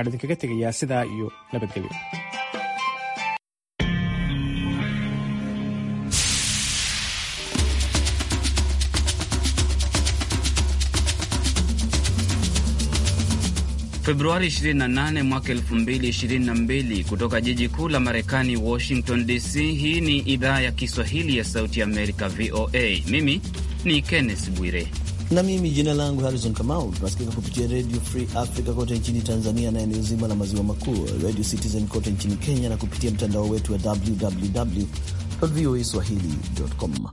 waxaan idinkaga tegayaa sidaa iyo nabadgelyo Februari 28 mwaka 2022, kutoka jiji kuu la Marekani, Washington DC. Hii ni idhaa ya Kiswahili ya Sauti Amerika, VOA. Mimi ni Kenneth Bwire na mimi jina langu Harrison Kamau. Tunasikika kupitia Radio Free Africa kote nchini Tanzania na eneo zima la maziwa makuu, Radio Citizen kote nchini Kenya na kupitia mtandao wetu wa www voa swahili.com.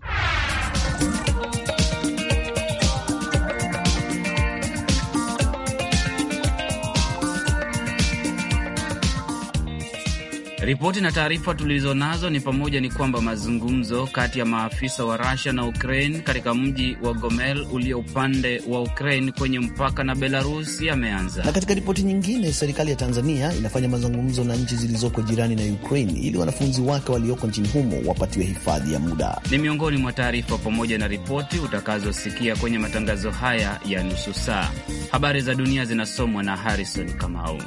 Ripoti na taarifa tulizonazo ni pamoja ni kwamba mazungumzo kati ya maafisa wa rusia na Ukraine katika mji wa Gomel ulio upande wa Ukraine kwenye mpaka na Belarus yameanza. Na katika ripoti nyingine, serikali ya Tanzania inafanya mazungumzo na nchi zilizoko jirani na Ukraine ili wanafunzi wake walioko nchini humo wapatiwe hifadhi ya muda. Ni miongoni mwa taarifa pamoja na ripoti utakazosikia kwenye matangazo haya ya nusu saa. Habari za dunia zinasomwa na Harrison Kamau.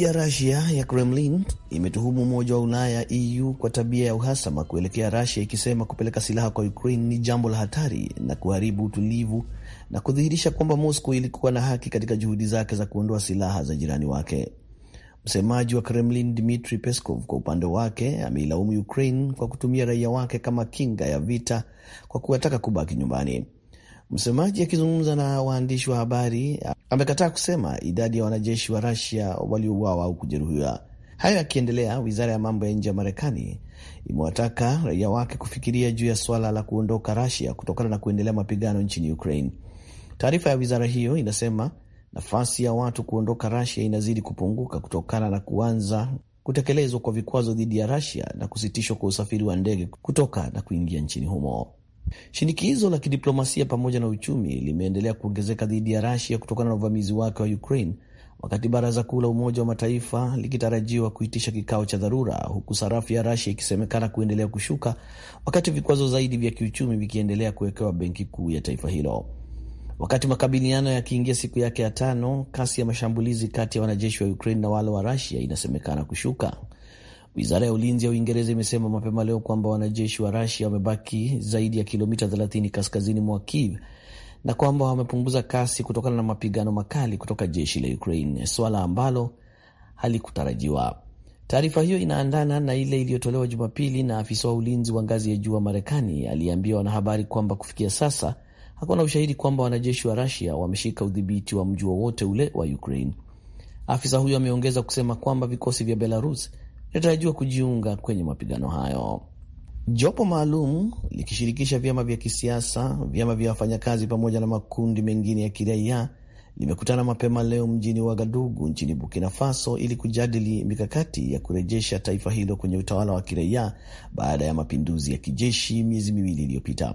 ya Rasia ya Kremlin imetuhumu Umoja wa Ulaya EU kwa tabia ya uhasama kuelekea Rasia, ikisema kupeleka silaha kwa Ukraine ni jambo la hatari na kuharibu utulivu na kudhihirisha kwamba Moscow ilikuwa na haki katika juhudi zake za kuondoa silaha za jirani wake. Msemaji wa Kremlin Dmitri Peskov kwa upande wake ameilaumu Ukraine kwa kutumia raia wake kama kinga ya vita kwa kuwataka kubaki nyumbani. Msemaji akizungumza na waandishi wa habari amekataa kusema idadi ya wanajeshi wa Rusia waliouawa au kujeruhiwa. Hayo yakiendelea, wizara ya mambo ya nje ya Marekani imewataka raia wake kufikiria juu ya suala la kuondoka Rusia kutokana na kuendelea mapigano nchini Ukraine. Taarifa ya wizara hiyo inasema nafasi ya watu kuondoka Rusia inazidi kupunguka kutokana na kuanza kutekelezwa kwa vikwazo dhidi ya Rusia na kusitishwa kwa usafiri wa ndege kutoka na kuingia nchini humo. Shinikizo la kidiplomasia pamoja na uchumi limeendelea kuongezeka dhidi ya rasia kutokana na uvamizi wake wa Ukraine, wakati Baraza Kuu la Umoja wa Mataifa likitarajiwa kuitisha kikao cha dharura, huku sarafu ya rasia ikisemekana kuendelea kushuka, wakati vikwazo zaidi vya kiuchumi vikiendelea kuwekewa benki kuu ya taifa hilo. Wakati makabiliano yakiingia siku yake ya tano, kasi ya mashambulizi kati ya wanajeshi wa Ukraine na wale wa rasia inasemekana kushuka. Wizara ya ulinzi ya Uingereza imesema mapema leo kwamba wanajeshi wa Rasia wamebaki zaidi ya kilomita 30 kaskazini mwa Kiev na kwamba wamepunguza kasi kutokana na mapigano makali kutoka jeshi la Ukraine, swala ambalo halikutarajiwa. Taarifa hiyo inaandana na ile iliyotolewa Jumapili na afisa wa ulinzi wa ngazi ya juu wa Marekani aliyeambia wanahabari kwamba kufikia sasa hakuna ushahidi kwamba wanajeshi wa Rasia wameshika udhibiti wa mji wowote ule wa Ukraine. Afisa huyo ameongeza kusema kwamba vikosi vya Belarus inatarajiwa kujiunga kwenye mapigano hayo. Jopo maalum likishirikisha vyama vya kisiasa, vyama vya wafanyakazi pamoja na makundi mengine ya kiraia limekutana mapema leo mjini Wagadugu nchini Burkina Faso ili kujadili mikakati ya kurejesha taifa hilo kwenye utawala wa kiraia baada ya mapinduzi ya kijeshi miezi miwili iliyopita.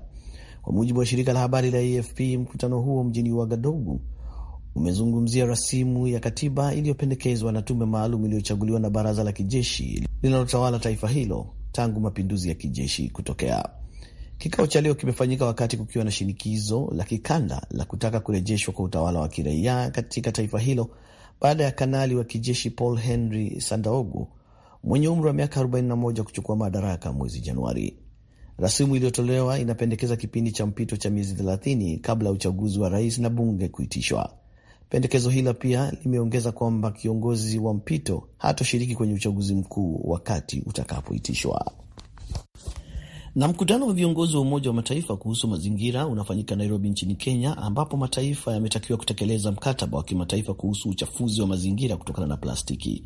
Kwa mujibu wa shirika la habari la AFP, mkutano huo mjini Wagadugu umezungumzia rasimu ya katiba iliyopendekezwa na tume maalum iliyochaguliwa na baraza la kijeshi linalotawala taifa hilo tangu mapinduzi ya kijeshi kutokea. Kikao cha leo kimefanyika wakati kukiwa na shinikizo la kikanda la kutaka kurejeshwa kwa utawala wa kiraia katika taifa hilo baada ya kanali wa kijeshi Paul Henry Sandaogu mwenye umri wa miaka 41 kuchukua madaraka mwezi Januari. Rasimu iliyotolewa inapendekeza kipindi cha mpito cha miezi 30 kabla ya uchaguzi wa rais na bunge kuitishwa. Pendekezo hilo pia limeongeza kwamba kiongozi wa mpito hatoshiriki kwenye uchaguzi mkuu wakati utakapoitishwa. Na mkutano wa viongozi wa Umoja wa Mataifa kuhusu mazingira unafanyika Nairobi nchini Kenya, ambapo mataifa yametakiwa kutekeleza mkataba wa kimataifa kuhusu uchafuzi wa mazingira kutokana na plastiki.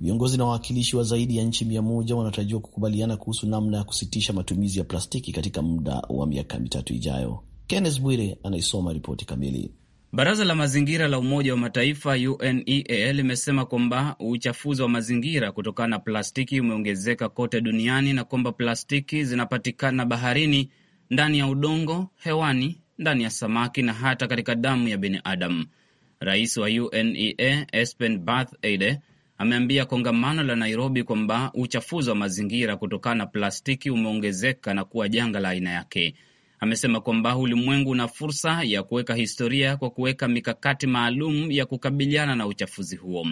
Viongozi na wawakilishi wa zaidi ya nchi mia moja wanatarajiwa kukubaliana kuhusu namna ya kusitisha matumizi ya plastiki katika muda wa miaka mitatu ijayo. Kenneth Bwire anaisoma ripoti kamili. Baraza la mazingira la Umoja wa Mataifa UNEA limesema kwamba uchafuzi wa mazingira kutokana na plastiki umeongezeka kote duniani na kwamba plastiki zinapatikana baharini, ndani ya udongo, hewani, ndani ya samaki na hata katika damu ya binadamu. Rais wa UNEA Espen Barth Eide ameambia kongamano la Nairobi kwamba uchafuzi wa mazingira kutokana na plastiki umeongezeka na kuwa janga la aina yake amesema kwamba ulimwengu una fursa ya kuweka historia kwa kuweka mikakati maalum ya kukabiliana na uchafuzi huo.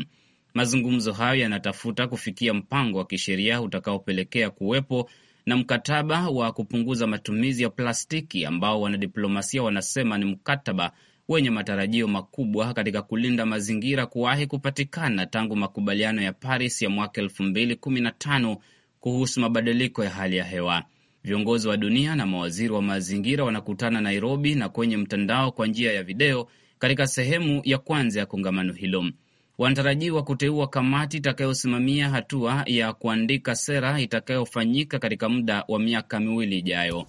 Mazungumzo hayo yanatafuta kufikia mpango wa kisheria utakaopelekea kuwepo na mkataba wa kupunguza matumizi ya plastiki ambao wanadiplomasia wanasema ni mkataba wenye matarajio makubwa katika kulinda mazingira kuwahi kupatikana tangu makubaliano ya Paris ya mwaka 2015 kuhusu mabadiliko ya hali ya hewa. Viongozi wa dunia na mawaziri wa mazingira wanakutana Nairobi na kwenye mtandao kwa njia ya video katika sehemu ya kwanza ya kongamano hilo. Wanatarajiwa kuteua kamati itakayosimamia hatua ya kuandika sera itakayofanyika katika muda wa miaka miwili ijayo.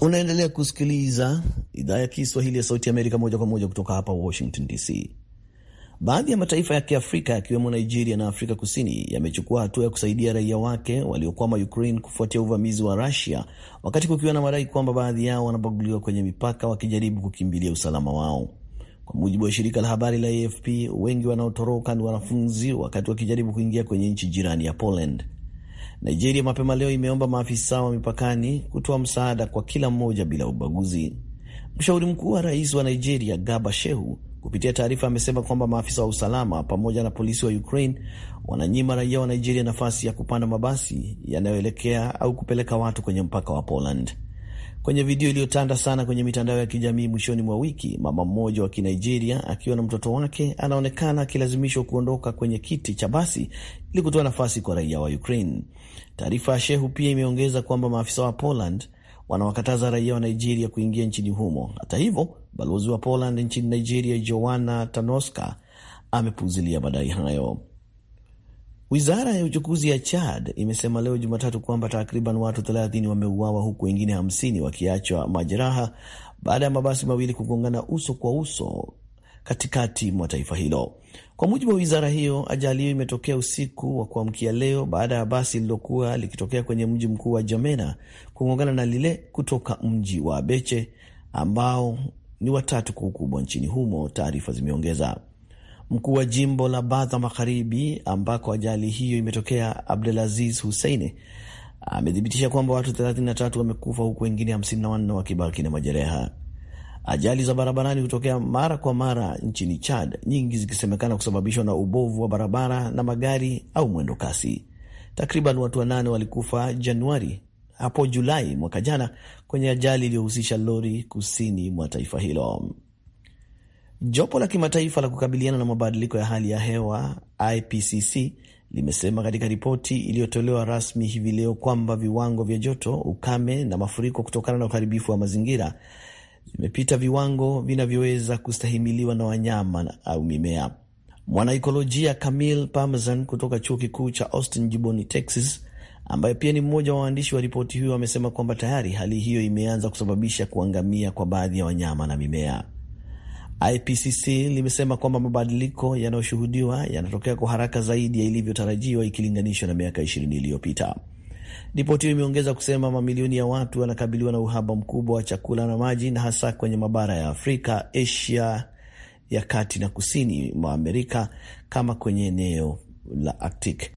Unaendelea kusikiliza idhaa ya Kiswahili ya Sauti ya Amerika moja kwa moja kutoka hapa Washington DC. Baadhi ya mataifa ya Kiafrika yakiwemo Nigeria na Afrika Kusini yamechukua hatua ya kusaidia raia wake waliokwama Ukraine kufuatia uvamizi wa rasia wakati kukiwa na madai kwamba baadhi yao wanabaguliwa kwenye mipaka wakijaribu kukimbilia usalama wao. Kwa mujibu wa shirika la habari la AFP, wengi wanaotoroka ni wanafunzi wakati wakijaribu kuingia kwenye nchi jirani ya Poland. Nigeria mapema leo imeomba maafisa wa mipakani kutoa msaada kwa kila mmoja bila ubaguzi. Mshauri mkuu wa rais wa Nigeria Garba Shehu Kupitia taarifa amesema kwamba maafisa wa usalama pamoja na polisi wa Ukraine wananyima raia wa Nigeria nafasi ya kupanda mabasi yanayoelekea au kupeleka watu kwenye mpaka wa Poland. Kwenye video iliyotanda sana kwenye mitandao ya kijamii mwishoni mwa wiki, mama mmoja wa Kinigeria akiwa na mtoto wake anaonekana akilazimishwa kuondoka kwenye kiti cha basi ili kutoa nafasi kwa raia wa Ukraine. Taarifa ya Shehu pia imeongeza kwamba maafisa wa Poland wanawakataza raia wa Nigeria kuingia nchini humo. Hata hivyo Balozi wa Poland nchini Nigeria Joanna Tanoska amepuzilia madai hayo. Wizara ya uchukuzi ya Chad imesema leo Jumatatu kwamba takriban watu 30 wameuawa huku wengine 50 wakiachwa majeraha baada ya mabasi mawili kugongana uso kwa uso katikati mwa taifa hilo. Kwa mujibu wa wizara hiyo, ajali hiyo imetokea usiku wa kuamkia leo baada ya basi lililokuwa likitokea kwenye mji mkuu wa Jamena kugongana na lile kutoka mji wa Abeche ambao ni watatu kwa ukubwa nchini humo, taarifa zimeongeza. Mkuu wa jimbo la Badha Magharibi, ambako ajali hiyo imetokea, Abdulaziz Hussein amethibitisha kwamba watu 33 wamekufa huku wengine 54 wakibaki na majeraha. Ajali za barabarani hutokea mara kwa mara nchini Chad, nyingi zikisemekana kusababishwa na ubovu wa barabara na magari au mwendo kasi. Takriban watu wanane walikufa Januari hapo Julai mwaka jana kwenye ajali iliyohusisha lori kusini mwa taifa hilo. Jopo la kimataifa la kukabiliana na mabadiliko ya hali ya hewa IPCC limesema katika ripoti iliyotolewa rasmi hivi leo kwamba viwango vya joto, ukame na mafuriko kutokana na uharibifu wa mazingira vimepita viwango vinavyoweza kustahimiliwa na wanyama au mimea. Mwanaikolojia Camille Parmesan kutoka chuo kikuu cha Austin jimboni Texas ambaye pia ni mmoja wa waandishi wa ripoti hiyo amesema kwamba tayari hali hiyo imeanza kusababisha kuangamia kwa baadhi ya wanyama na mimea. IPCC limesema kwamba mabadiliko yanayoshuhudiwa yanatokea kwa haraka zaidi ya ilivyotarajiwa ikilinganishwa na miaka 20 iliyopita. Ripoti hiyo imeongeza kusema mamilioni ya watu wanakabiliwa na uhaba mkubwa wa chakula na maji, na hasa kwenye mabara ya Afrika, Asia ya kati na kusini mwa Amerika, kama kwenye eneo la Arctic.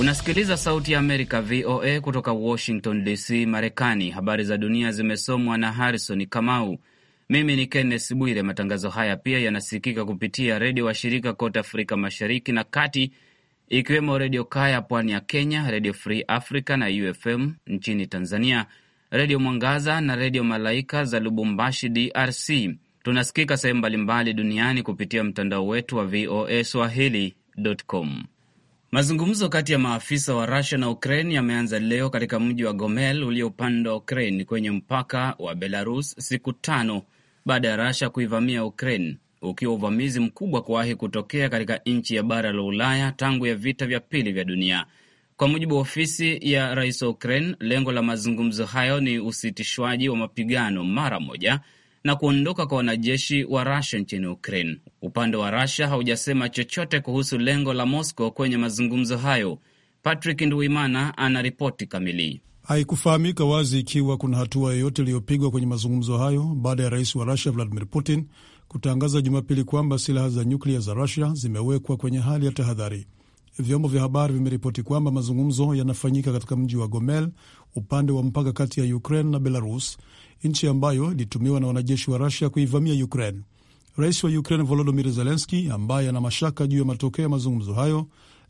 Unasikiliza Sauti ya Amerika, VOA, kutoka Washington DC, Marekani. Habari za dunia zimesomwa na Harrison Kamau. Mimi ni Kenneth Bwire. Matangazo haya pia yanasikika kupitia redio wa shirika kote Afrika Mashariki na Kati, ikiwemo Redio Kaya pwani ya Kenya, Redio Free Africa na UFM nchini Tanzania, Redio Mwangaza na Redio Malaika za Lubumbashi, DRC. Tunasikika sehemu mbalimbali duniani kupitia mtandao wetu wa VOA swahili.com. Mazungumzo kati ya maafisa wa Rusia na Ukraine yameanza leo katika mji wa Gomel wa Ukraine kwenye mpaka wa Belarus, siku tano baada ya Rusia kuivamia Ukraine, ukiwa uvamizi mkubwa kuwahi kutokea katika nchi ya bara la Ulaya tangu ya vita vya pili vya dunia. Kwa mujibu wa ofisi ya rais wa Ukraine, lengo la mazungumzo hayo ni usitishwaji wa mapigano mara moja na kuondoka kwa wanajeshi wa Rusia nchini Ukraine. Upande wa Rusia haujasema chochote kuhusu lengo la Moscow kwenye mazungumzo hayo. Patrick Nduimana ana ripoti kamili. Haikufahamika wazi ikiwa kuna hatua yoyote iliyopigwa kwenye mazungumzo hayo baada ya rais wa Rusia Vladimir Putin kutangaza Jumapili kwamba silaha za nyuklia za Rusia zimewekwa kwenye hali ya tahadhari vyombo vya habari vimeripoti kwamba mazungumzo yanafanyika katika mji wa Gomel upande wa mpaka kati ya Ukraine na Belarus, nchi ambayo ilitumiwa na wanajeshi wa Rusia kuivamia Ukraine. Rais wa Ukraine volodimir Zelenski, ambaye ana mashaka juu ya matokeo ya mazungumzo hayo,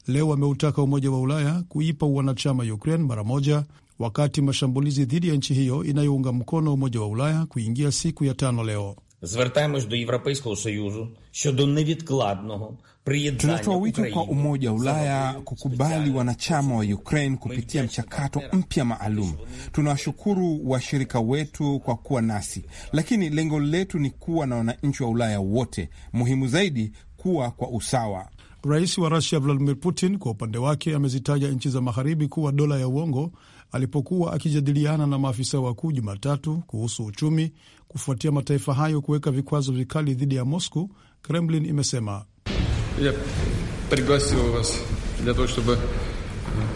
leo ameutaka Umoja wa Ulaya kuipa uwanachama Ukraine mara moja, wakati mashambulizi dhidi ya nchi hiyo inayounga mkono Umoja wa Ulaya kuingia siku ya tano leo. Звертаємось до Європейського союзу щодо невідкладного приєднання. Tunatoa wito kwa Umoja wa Ulaya kukubali wanachama wa Ukraine kupitia mchakato mpya maalum. Tunawashukuru washirika wetu kwa kuwa nasi, lakini lengo letu ni kuwa na wananchi wa Ulaya wote, muhimu zaidi kuwa kwa usawa. Rais wa Rusia Vladimir Putin kwa upande wake amezitaja nchi za magharibi kuwa dola ya uongo alipokuwa akijadiliana na maafisa wakuu Jumatatu kuhusu uchumi kufuatia mataifa hayo kuweka vikwazo vikali dhidi ya Moscow, Kremlin imesema. Yep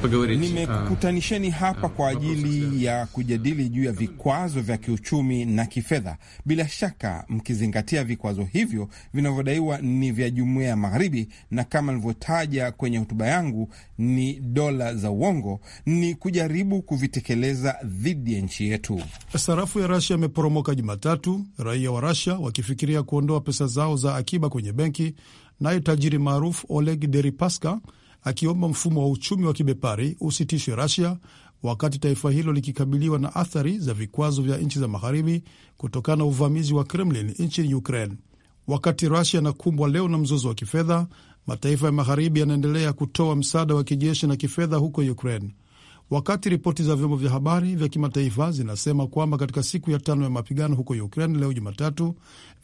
nimekutanisheni ah, hapa kwa ajili ya kujadili juu ya vikwazo vya kiuchumi na kifedha, bila shaka mkizingatia vikwazo hivyo vinavyodaiwa ni vya jumuiya ya Magharibi, na kama nilivyotaja kwenye hotuba yangu ni dola za uongo, ni kujaribu kuvitekeleza dhidi ya nchi yetu. Sarafu ya Rasia imeporomoka Jumatatu, raia wa Rasia wakifikiria kuondoa pesa zao za akiba kwenye benki, naye tajiri maarufu Oleg Deripaska akiomba mfumo wa uchumi wa kibepari usitishwe rasia wakati taifa hilo likikabiliwa na athari za vikwazo vya nchi za magharibi kutokana na uvamizi wa Kremlin nchini Ukraine. Wakati rasia inakumbwa leo na mzozo wa kifedha, mataifa ya magharibi yanaendelea kutoa msaada wa kijeshi na kifedha huko Ukraine wakati ripoti za vyombo vya habari vya kimataifa zinasema kwamba katika siku ya tano ya mapigano huko Ukraine leo Jumatatu,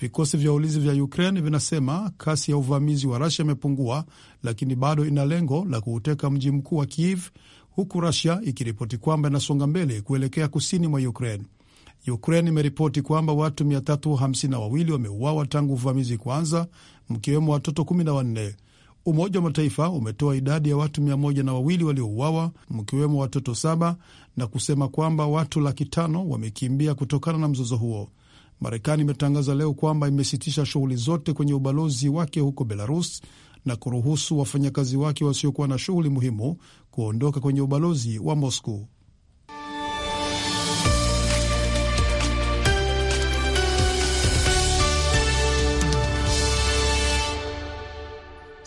vikosi vya ulinzi vya Ukraine vinasema kasi ya uvamizi wa Rasia imepungua, lakini bado ina lengo la kuuteka mji mkuu wa Kiev, huku Rasia ikiripoti kwamba inasonga mbele kuelekea kusini mwa Ukraine. Ukraine imeripoti kwamba watu 352 wameuawa tangu uvamizi kuanza, mkiwemo watoto 14. Umoja wa Mataifa umetoa idadi ya watu mia moja na wawili waliouawa mkiwemo watoto saba na kusema kwamba watu laki tano wamekimbia kutokana na mzozo huo. Marekani imetangaza leo kwamba imesitisha shughuli zote kwenye ubalozi wake huko Belarus na kuruhusu wafanyakazi wake wasiokuwa na shughuli muhimu kuondoka kwenye ubalozi wa Moscow.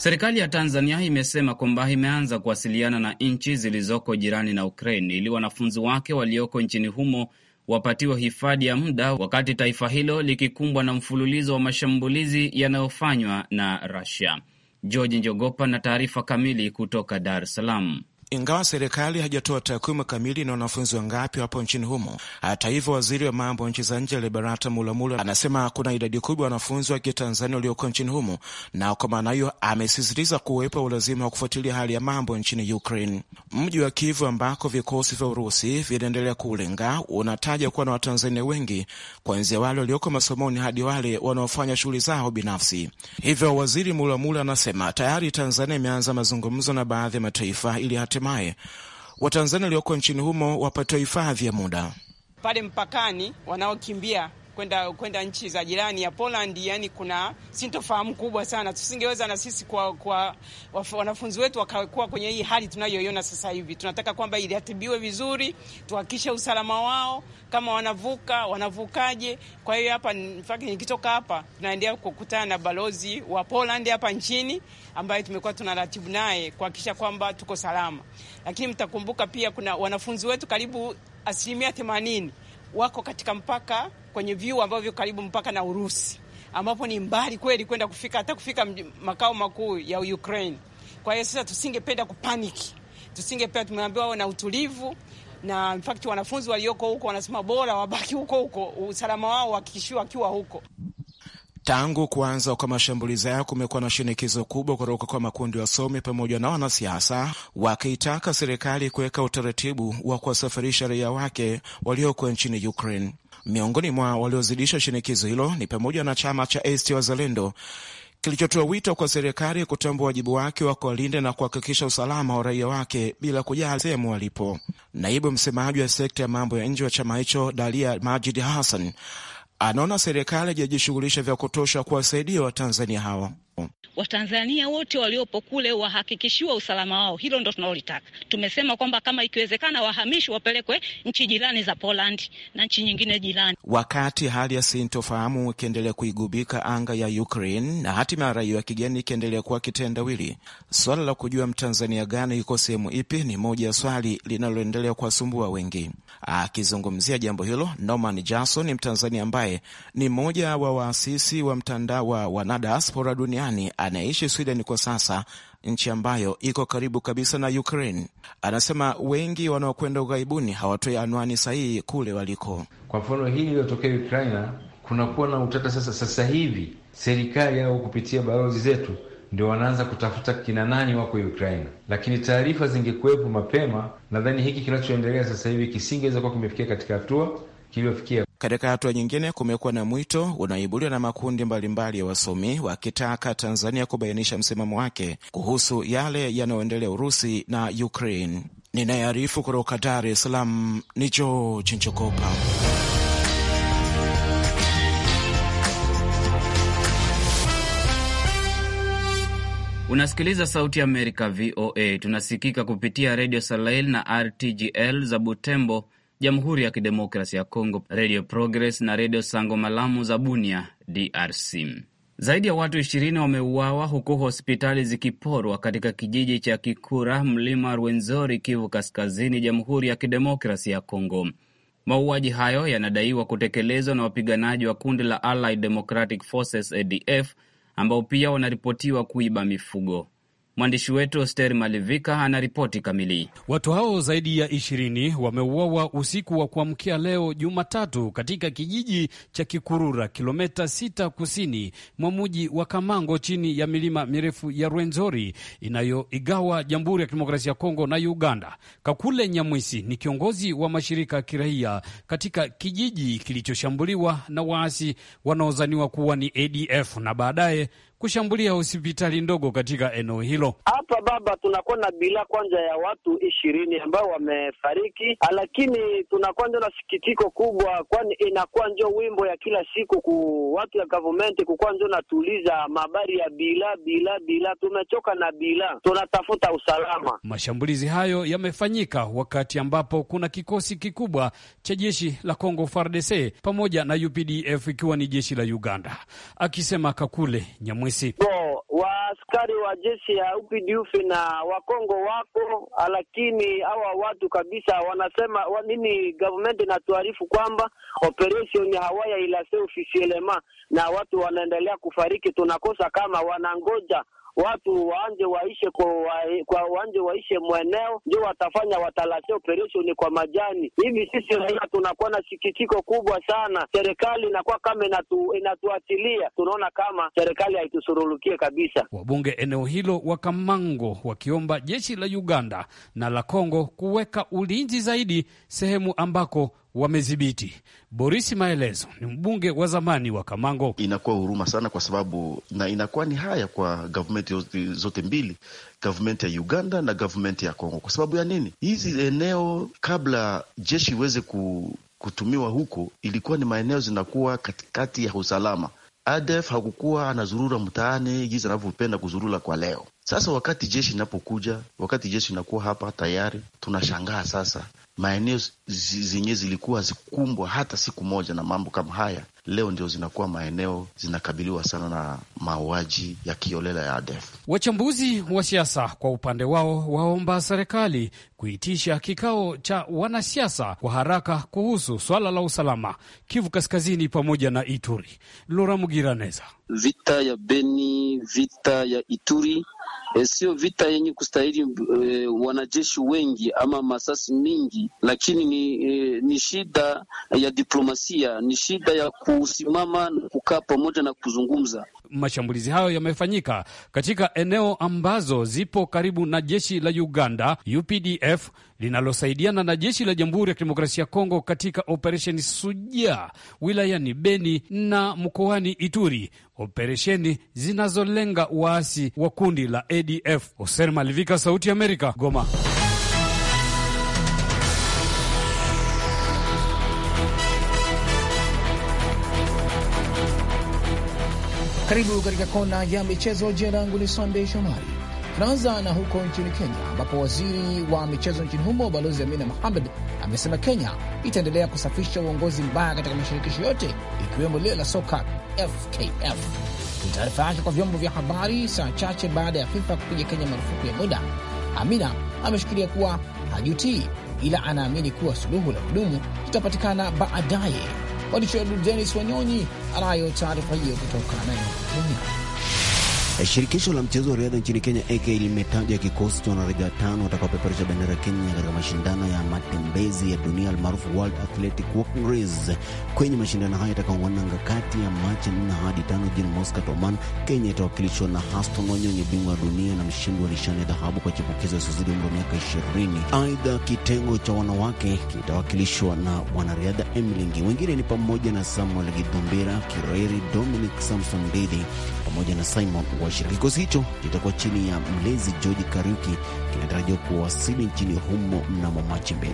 Serikali ya Tanzania imesema kwamba imeanza kuwasiliana na nchi zilizoko jirani na Ukraine ili wanafunzi wake walioko nchini humo wapatiwe hifadhi ya muda wakati taifa hilo likikumbwa na mfululizo wa mashambulizi yanayofanywa na Russia. George Njogopa na taarifa kamili kutoka Dar es Salaam ingawa serikali hajatoa takwimu kamili na wanafunzi wangapi wapo nchini humo. Hata hivyo, waziri wa mambo nchi za nje Liberata Mulamula anasema kuna idadi kubwa ya wanafunzi wa Kitanzania walioko nchini humo, na kwa maana hiyo amesisitiza kuwepo ulazima wa kufuatilia hali ya mambo nchini Ukraine. Mji wa Kivu ambako vikosi vya Urusi vinaendelea kuulenga unataja kuwa na Watanzania wengi, kuanzia wale walioko masomoni hadi wale wanaofanya shughuli zao binafsi. Hivyo waziri Mulamula anasema tayari Tanzania imeanza mazungumzo na baadhi ya mataifa ili hatimaye hatimaye Watanzania walioko nchini humo wapatiwa hifadhi ya muda pale mpakani wanaokimbia kwenda kwenda nchi za jirani ya Poland. Yani kuna sintofahamu kubwa sana, tusingeweza na sisi kwa, kwa wanafunzi wetu wakakuwa kwenye hii hali tunayoiona sasa hivi. Tunataka kwamba iratibiwe vizuri, tuhakikishe usalama wao, kama wanavuka wanavukaje. Kwa hiyo hapa mfaki, nikitoka hapa tunaendelea kukutana na balozi wa Poland hapa nchini ambaye tumekuwa tunaratibu naye kuhakikisha kwamba tuko salama, lakini mtakumbuka pia kuna wanafunzi wetu karibu asilimia themanini wako katika mpaka kwenye vyuo ambavyo karibu mpaka na Urusi, ambapo ni mbali kweli kwenda kufika hata kufika makao makuu ya Ukraine. Kwa hiyo sasa tusingependa kupaniki, tusingependa tumeambiwa wawe na utulivu na in fact wanafunzi walioko huko wanasema bora wabaki huko huko, usalama wao wahakikishiwa wakiwa huko. Tangu kuanza kwa mashambulizi hayo kumekuwa na shinikizo kubwa kutoka kwa makundi ya wasomi pamoja na wanasiasa, wakiitaka serikali kuweka utaratibu wa kuwasafirisha raia wake walioko nchini Ukraine. Miongoni mwa waliozidisha shinikizo hilo ni pamoja na chama cha ACT Wazalendo kilichotoa wito kwa serikali kutambua wajibu wake wa kuwalinda na kuhakikisha usalama wa raia wake bila kujali sehemu walipo. Naibu msemaji wa sekta ya mambo ya nje wa chama hicho Dalia Majid Hassan anaona serikali haijajishughulisha vya kutosha kuwasaidia Watanzania hao. Watanzania wote waliopo kule wahakikishiwa usalama wao. Hilo ndo tunalolitaka. Tumesema kwamba kama ikiwezekana, wahamishi wapelekwe nchi jirani za Poland na nchi nyingine jirani. Wakati hali ya sintofahamu ikiendelea kuigubika anga ya Ukraine na hatima raia wa kigeni ikiendelea kuwa kitendawili, swala la kujua mtanzania gani yuko sehemu ipi ni moja ya swali linaloendelea kuwasumbua wengi. Akizungumzia jambo hilo, Norman Jackson ni mtanzania ambaye ni mmoja wa waasisi wa mtandao wa wanadiaspora dunia Marekani anayeishi Sweden kwa sasa, nchi ambayo iko karibu kabisa na Ukraine. Anasema wengi wanaokwenda ughaibuni hawatoi anwani sahihi kule waliko. Kwa mfano hili iliyotokea Ukraina, kunakuwa na utata sasa. Sasa hivi serikali au kupitia balozi zetu ndio wanaanza kutafuta kina nani wako Ukraina, lakini taarifa zingekuwepo mapema, nadhani hiki kinachoendelea sasa hivi kisingeweza kuwa kimefikia katika hatua kiliyofikia. Katika hatua nyingine, kumekuwa na mwito unaoibuliwa na makundi mbalimbali ya wasomi wakitaka Tanzania kubainisha msimamo wake kuhusu yale yanayoendelea Urusi na Ukraine. Ninayearifu kutoka Dar es Salaam ni George Njokopa. Unasikiliza Sauti ya Amerika, VOA. Tunasikika kupitia redio Salail na RTGL za Butembo, Jamhuri ya Kidemokrasi ya Kongo, Redio Progress na Redio Sango Malamu za Bunia, DRC. Zaidi ya watu ishirini wameuawa huku hospitali zikiporwa katika kijiji cha Kikura, mlima Rwenzori, Kivu Kaskazini, Jamhuri ya Kidemokrasi ya Kongo. Mauaji hayo yanadaiwa kutekelezwa na wapiganaji wa kundi la Allied Democratic Forces, ADF, ambao pia wanaripotiwa kuiba mifugo. Mwandishi wetu Oster Malivika anaripoti kamili. Watu hao zaidi ya ishirini wameuawa usiku wa kuamkia leo Jumatatu katika kijiji cha Kikurura, kilometa sita kusini mwa mji wa Kamango, chini ya milima mirefu ya Rwenzori inayoigawa Jamhuri ya Kidemokrasia ya Kongo na Uganda. Kakule Nyamwisi ni kiongozi wa mashirika ya kiraia katika kijiji kilichoshambuliwa na waasi wanaozaniwa kuwa ni ADF na baadaye kushambulia hospitali ndogo katika eneo hilo. Hapa baba, tunakuwa na bila kwanja ya watu ishirini ambao wamefariki, lakini tunakuwa njo na sikitiko kubwa, kwani inakuwa njo wimbo ya kila siku ku watu ya gavumenti kukuwa njo natuliza mabari ya bila bila bila, tumechoka na bila, tunatafuta usalama. Mashambulizi hayo yamefanyika wakati ambapo kuna kikosi kikubwa cha jeshi la congo FARDC pamoja na UPDF ikiwa ni jeshi la Uganda, akisema Kakule Nyamwisi polisi Bo, waaskari wa jeshi ya UPDF na wakongo wako, lakini hawa watu kabisa wanasema wa, nini government inatuarifu kwamba operation hawaya ilase ofisielema na watu wanaendelea kufariki, tunakosa kama wanangoja watu waanje waishe kwa waanje waishe mweneo, ndio watafanya watalase operation kwa majani hivi. Sisi raia tunakuwa na sikitiko kubwa sana, serikali inakuwa kama inatu, inatuachilia. Tunaona kama serikali haitusururukie kabisa. Wabunge eneo hilo wa Kamango wakiomba jeshi la Uganda na la Kongo kuweka ulinzi zaidi sehemu ambako wamedhibiti. Boris Maelezo ni mbunge wa zamani wa Kamango. Inakuwa huruma sana kwa sababu na inakuwa ni haya kwa gavumenti zote mbili, gavumenti ya Uganda na gavumenti ya Kongo. Kwa sababu ya nini? Hizi eneo kabla jeshi iweze ku, kutumiwa huko ilikuwa ni maeneo zinakuwa katikati ya usalama. ADF hakukuwa anazurura mtaani jinsi anavyopenda kuzurura kwa leo. Sasa wakati jeshi inapokuja, wakati jeshi inakuwa hapa tayari, tunashangaa sasa maeneo zenye zilikuwa zikumbwa hata siku moja na mambo kama haya, leo ndio zinakuwa maeneo zinakabiliwa sana na mauaji ya kiolela ya ADF. Wachambuzi wa siasa kwa upande wao waomba serikali kuitisha kikao cha wanasiasa kwa haraka kuhusu swala la usalama Kivu Kaskazini pamoja na Ituri. Lora Mugiraneza vita ya Beni, vita ya Ituri e, sio vita yenye kustahili e, wanajeshi wengi ama masasi mingi, lakini ni, e, ni shida ya diplomasia, ni shida ya kusimama na kukaa pamoja na kuzungumza mashambulizi hayo yamefanyika katika eneo ambazo zipo karibu na jeshi la Uganda UPDF linalosaidiana na jeshi la Jamhuri ya Kidemokrasia ya Kongo katika operesheni Suja wilayani Beni na mkoani Ituri, operesheni zinazolenga waasi wa kundi la ADF. Oser Malivika, Sauti ya Amerika, Goma. Karibu katika kona ya michezo. Jina langu ni Sandey Shomari. Tunaanza na huko nchini Kenya, ambapo waziri wa michezo nchini humo Balozi Amina Mohamed amesema Kenya itaendelea kusafisha uongozi mbaya katika mashirikisho yote ikiwemo lile la soka FKF. Ni taarifa yake kwa vyombo vya habari saa chache baada ya FIFA kupiga Kenya marufuku ya muda. Amina ameshikilia kuwa hajutii, ila anaamini kuwa suluhu la kudumu litapatikana baadaye. Mwandishi wetu Denis Wanyonyi anayo taarifa hiyo kutoka Nairobi, Kenya. Eh, shirikisho la mchezo wa riadha nchini Kenya AK limetaja kikosi cha wanariadha tano watakaopeperusha bendera Kenya katika mashindano ya matembezi ya dunia almaarufu World Athletic Walking Race. Kwenye mashindano hayo yatakaoananga kati ya Machi 4 hadi tano jini Muscat, Oman. Kenya itawakilishwa na Haston Wanyonyi, bingwa wa dunia na mshindi wa nishani ya dhahabu kwa chipukizo wasiozidi umri wa miaka 20. Aidha, kitengo cha wanawake kitawakilishwa na wanariadha Emlingi. Wengine ni pamoja na Samuel Gidumbira Kireri, Dominic Samson Ndidi pamoja na Simon kuashiria kikosi hicho kitakuwa chini ya mlezi George Kariuki kinatarajiwa kuwasili nchini humo mnamo Machi mbili.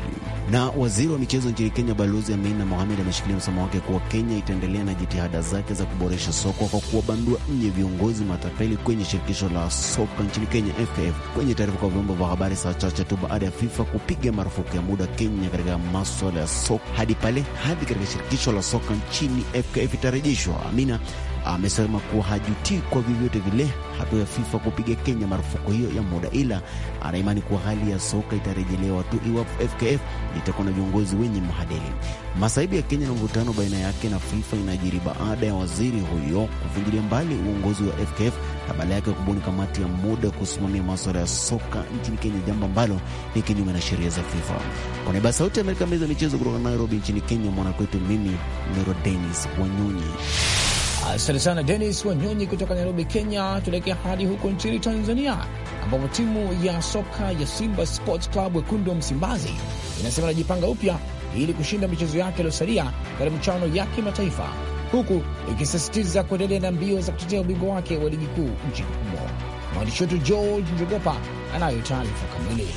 Na waziri wa michezo nchini Kenya Balozi Amina Mohamed ameshikilia msamo wake kuwa Kenya itaendelea na jitihada zake za kuboresha soka kwa kuwabandua nje viongozi matapeli kwenye shirikisho la soka nchini Kenya FKF. Kwenye taarifa kwa vyombo vya habari saa chache tu baada ya FIFA kupiga marufuku ya muda Kenya katika maswala ya soka hadi pale hadi katika shirikisho la soka nchini FKF itarejeshwa, Amina amesema kuwa hajutii kwa vyovyote vile hatua ya FIFA kupiga Kenya marufuku hiyo ya muda, ila anaimani kuwa hali ya soka itarejelewa tu iwapo FKF itakuwa na viongozi wenye mahadili. Masaibu ya Kenya na mvutano baina yake na FIFA inajiri baada ya waziri huyo kufungilia mbali uongozi wa FKF na badala yake kubuni kamati ya muda kusimamia maswala ya soka nchini Kenya, jambo ambalo ni kinyume na sheria za FIFA. Kwa niaba ya Sauti ya Amerika, meza michezo kutoka Nairobi nchini Kenya, mwanakwetu, mimi Nero Denis Wanyonyi. Asante sana Denis Wanyonyi kutoka Nairobi, Kenya. Tuelekea hadi huko nchini Tanzania, ambapo timu ya soka ya Simba Sports Club wekundu wa Msimbazi inasema inajipanga upya ili kushinda michezo yake iliyosalia katika michano ya kimataifa, huku ikisisitiza kuendelea na mbio za kutetea ubingwa wake wa ligi kuu nchini humo. Mwandishi wetu George Njogopa anayo taarifa kamili.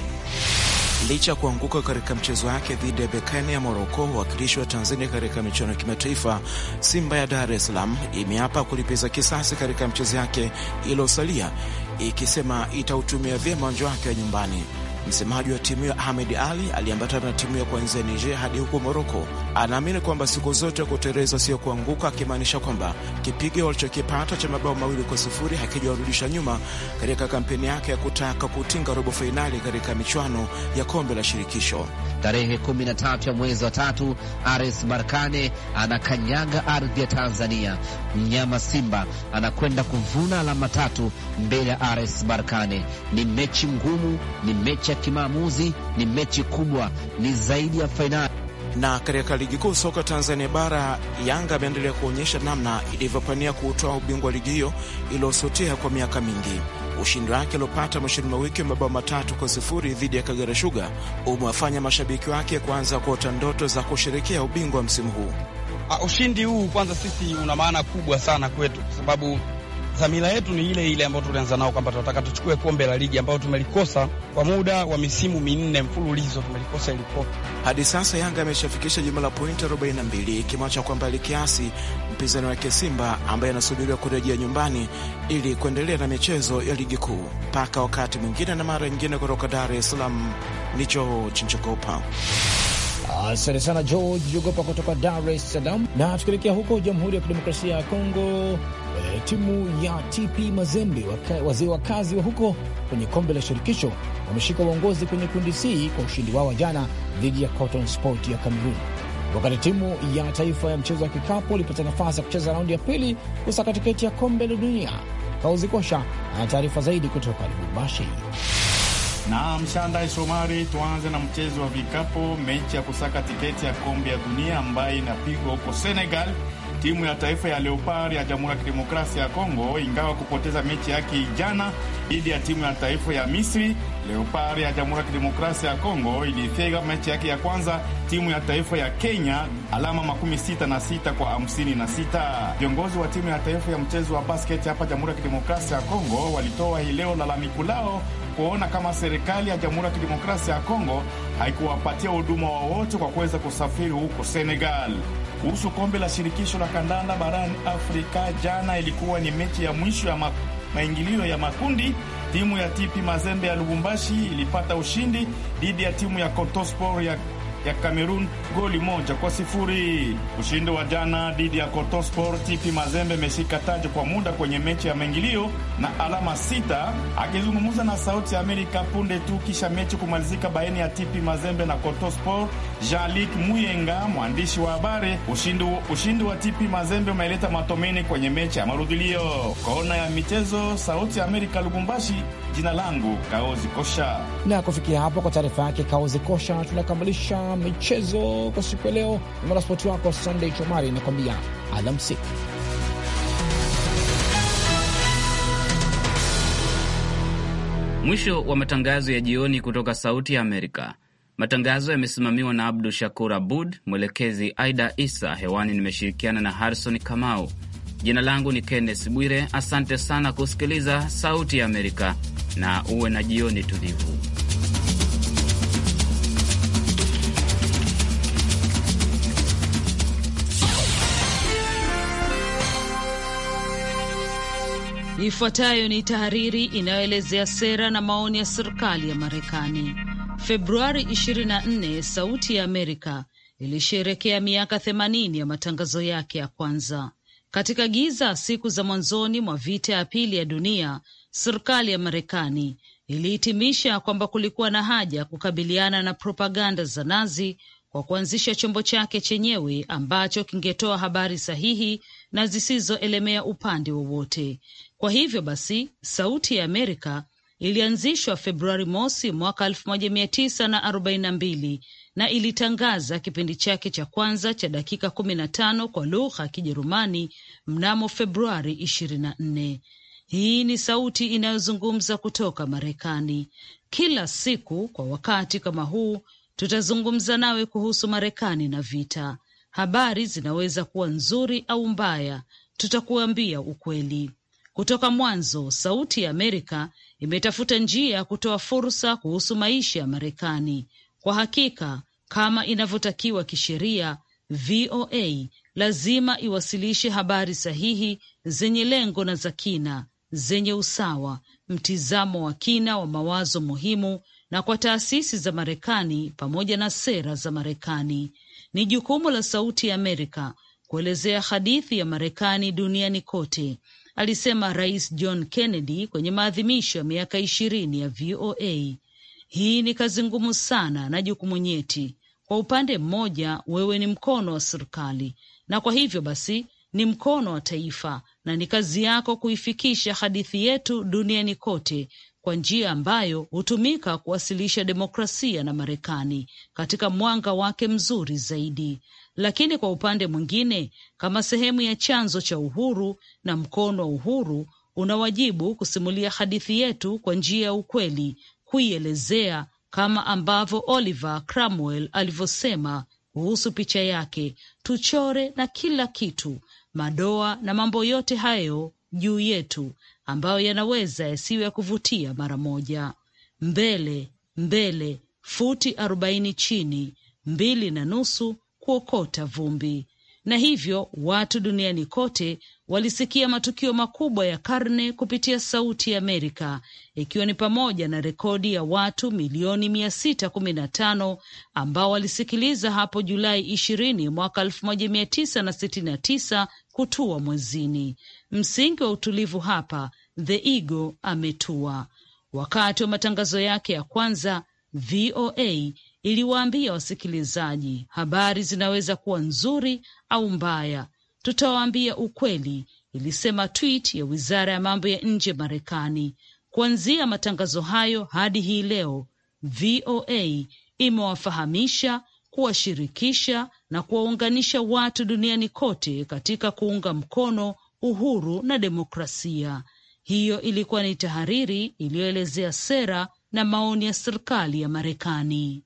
Licha ya kuanguka katika mchezo wake dhidi ya bekani ya Moroko, wakilishi wa Tanzania katika michuano ya kimataifa, Simba ya Dar es Salaam imeapa kulipiza kisasi katika mchezo yake iliyosalia, ikisema itautumia vyema uwanja wake wa nyumbani. Msemaji wa timu ya Ahmed Ali aliyeambatana na timu ya kuanzia Niger hadi huko Moroko anaamini kwamba siku zote kuteleza sio kuanguka, akimaanisha kwamba kipigo walichokipata cha mabao mawili kwa sifuri hakijawarudisha nyuma katika kampeni yake ya kutaka kutinga robo fainali katika michuano ya kombe la shirikisho tarehe 13 ya mwezi wa tatu, Ares barkane anakanyaga ardhi ya Tanzania. Mnyama Simba anakwenda kuvuna alama tatu mbele ya Ares barkane Ni mechi ngumu, ni mechi ya kimaamuzi, ni mechi kubwa, ni zaidi ya fainali na katika ligi kuu soka Tanzania bara Yanga ameendelea kuonyesha namna ilivyopania kuutoa ubingwa ligi hiyo iliyosotea kwa miaka mingi. Ushindi wake aliopata mwishoni mwa wiki wa mabao matatu kwa sifuri dhidi ya Kagera Sugar umewafanya mashabiki wake kuanza kuota ndoto za kusherekea ubingwa msimu huu. Ah, ushindi huu kwanza sisi una maana kubwa sana kwetu kwa sababu Dhamira yetu ni ile ile ambayo tulianza nao kwamba tunataka tuchukue kombe la ligi ambayo tumelikosa kwa muda wa misimu minne mfululizo, tumelikosa iliko Hadi sasa Yanga ameshafikisha jumla la pointi 42 ikimacha kwamba likiasi mpinzani wake Simba ambaye anasubiriwa kurejea nyumbani ili kuendelea na michezo ya ligi kuu. Mpaka wakati mwingine na mara nyingine, kutoka Dar es Salaam ni George Asante sana George Jogopa kutoka Dar es Salaam. Na tukielekea huko Jamhuri ya Kidemokrasia ya Kongo eh, timu ya TP Mazembe wazee wa kazi wa huko kwenye kombe la shirikisho wameshika uongozi kwenye kundi C kwa ushindi wao wa jana dhidi ya Cotton Sport ya Cameroon, wakati timu ya taifa ya mchezo wa kikapu ilipata nafasi ya kucheza raundi ya pili kusaka tiketi ya kombe la dunia. Kauzi Kosha ana taarifa zaidi kutoka Lubumbashi. Naam, Shandai Shomari, tuanze na mchezo wa vikapo, mechi ya kusaka tiketi ya kombe ya dunia ambayo inapigwa huko Senegal Timu ya taifa ya Leopard ya Jamhuri ya Kidemokrasia ya Kongo, ingawa kupoteza mechi yake jana dhidi ya timu ya taifa ya Misri, Leopard ya Jamhuri ya Kidemokrasia ya Kongo ilitega mechi yake ya kwanza timu ya taifa ya Kenya alama makumi sita na sita kwa hamsini na sita. Viongozi wa timu ya taifa ya mchezo wa basket hapa Jamhuri ya Kidemokrasia ya Kongo walitoa hii leo lalamiku lao kuona kama serikali ya Jamhuri ya Kidemokrasia ya Kongo haikuwapatia huduma wowote kwa kuweza kusafiri huko Senegal. Kuhusu kombe la shirikisho la kandanda barani Afrika, jana ilikuwa ni mechi ya mwisho ya ma maingilio ya makundi. Timu ya TP Mazembe ya Lubumbashi ilipata ushindi dhidi ya timu ya Kotospor ya ya kamerun goli moja kwa sifuri. Ushindi wa jana dhidi ya Sport, TP Mazembe imeshika taji kwa muda kwenye mechi ya maingilio na alama sita. Akizungumza na Sauti ya Amerika punde tu kisha mechi kumalizika baina ya TP Mazembe na Koto Sport, Jalik Muyenga, mwandishi wa habari, ushindi, ushindi wa TP Mazembe umeleta matomeni kwenye mechi ya marudhilio. Kona ya michezo, Sauti ya Amerika, Lubumbashi. Jina langu Kaozi Kosha, na kufikia hapo kwa taarifa yake Kaozi Kosha tunakamilisha michezo kwa siku ya leo. Na mwanaspoti wako sandey Chomari inakwambia alamsiki. Mwisho wa matangazo ya jioni kutoka Sauti ya Amerika. Matangazo yamesimamiwa na Abdu Shakur Abud, mwelekezi Aida Isa. Hewani nimeshirikiana na Harrison Kamau. Jina langu ni Kenneth Bwire. Asante sana kusikiliza Sauti ya Amerika na uwe na jioni tulivu. Ifuatayo ni tahariri inayoelezea sera na maoni ya serikali ya Marekani. Februari 24, Sauti ya Amerika ilisherekea miaka 80 ya matangazo yake ya kwanza. Katika giza siku za mwanzoni mwa vita ya pili ya dunia, serikali ya Marekani ilihitimisha kwamba kulikuwa na haja ya kukabiliana na propaganda za Nazi kwa kuanzisha chombo chake chenyewe ambacho kingetoa habari sahihi na zisizoelemea upande wowote. Kwa hivyo basi, Sauti ya Amerika ilianzishwa Februari mosi mwaka 1942 na ilitangaza kipindi chake cha kwanza cha dakika 15 kwa lugha ya Kijerumani mnamo Februari 24. Hii ni sauti inayozungumza kutoka Marekani. Kila siku kwa wakati kama huu tutazungumza nawe kuhusu Marekani na vita. Habari zinaweza kuwa nzuri au mbaya, tutakuambia ukweli. Kutoka mwanzo, Sauti ya Amerika imetafuta njia ya kutoa fursa kuhusu maisha ya Marekani. Kwa hakika, kama inavyotakiwa kisheria, VOA lazima iwasilishe habari sahihi zenye lengo na za kina zenye usawa, mtizamo wa kina wa mawazo muhimu, na kwa taasisi za Marekani pamoja na sera za Marekani. Ni jukumu la Sauti ya Amerika kuelezea hadithi ya Marekani duniani kote, alisema Rais John Kennedy kwenye maadhimisho ya miaka ishirini ya VOA. Hii ni kazi ngumu sana na jukumu nyeti. Kwa upande mmoja, wewe ni mkono wa serikali, na kwa hivyo basi ni mkono wa taifa na ni kazi yako kuifikisha hadithi yetu duniani kote kwa njia ambayo hutumika kuwasilisha demokrasia na Marekani katika mwanga wake mzuri zaidi. Lakini kwa upande mwingine, kama sehemu ya chanzo cha uhuru na mkono wa uhuru, una wajibu kusimulia hadithi yetu kwa njia ya ukweli, kuielezea kama ambavyo Oliver Cromwell alivyosema kuhusu picha yake, tuchore na kila kitu madoa na mambo yote hayo juu yetu ambayo yanaweza yasiwe ya kuvutia mara moja. Mbele mbele, futi arobaini chini, mbili na nusu kuokota vumbi. Na hivyo watu duniani kote walisikia matukio makubwa ya karne kupitia Sauti ya Amerika, ikiwa ni pamoja na rekodi ya watu milioni mia sita kumi na tano ambao walisikiliza hapo Julai ishirini mwaka elfu moja mia tisa na sitini na tisa kutua mwezini. Msingi wa utulivu hapa, The Eagle ametua. Wakati wa matangazo yake ya kwanza, VOA iliwaambia wasikilizaji habari zinaweza kuwa nzuri au mbaya, tutawaambia ukweli, ilisema tweet ya wizara ya mambo ya nje Marekani. Kuanzia matangazo hayo hadi hii leo, VOA imewafahamisha, kuwashirikisha na kuwaunganisha watu duniani kote katika kuunga mkono uhuru na demokrasia. Hiyo ilikuwa ni tahariri iliyoelezea sera na maoni ya serikali ya Marekani.